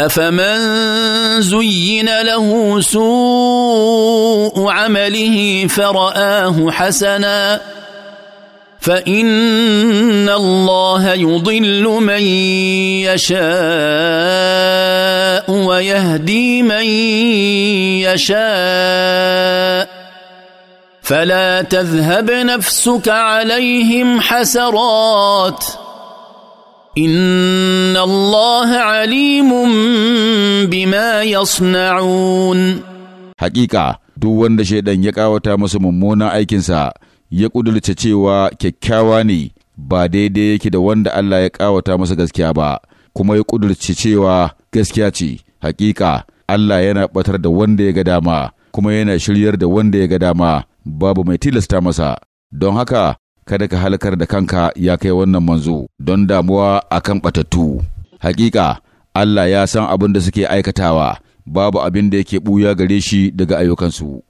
افمن زين له سوء عمله فراه حسنا فان الله يضل من يشاء ويهدي من يشاء فلا تذهب نفسك عليهم حسرات ان الله عليم بما يصنعون حقيقه duk wanda shaidan ya ƙawata masa mummunan aikinsa ya ƙudurce cewa kyakkyawa ne ba daidai yake da wanda Allah ya ƙawata masa gaskiya ba kuma ya ƙudurce cewa gaskiya ce hakika Allah yana ɓatar da wanda ya ga dama kuma yana shiryar da wanda ya ga dama babu mai tilasta masa don haka kada ka halakar da kanka ya kai wannan manzo don damuwa a kan batattu hakika Allah ya san abin da suke aikatawa babu abin da yake buya gare shi daga ayyukansu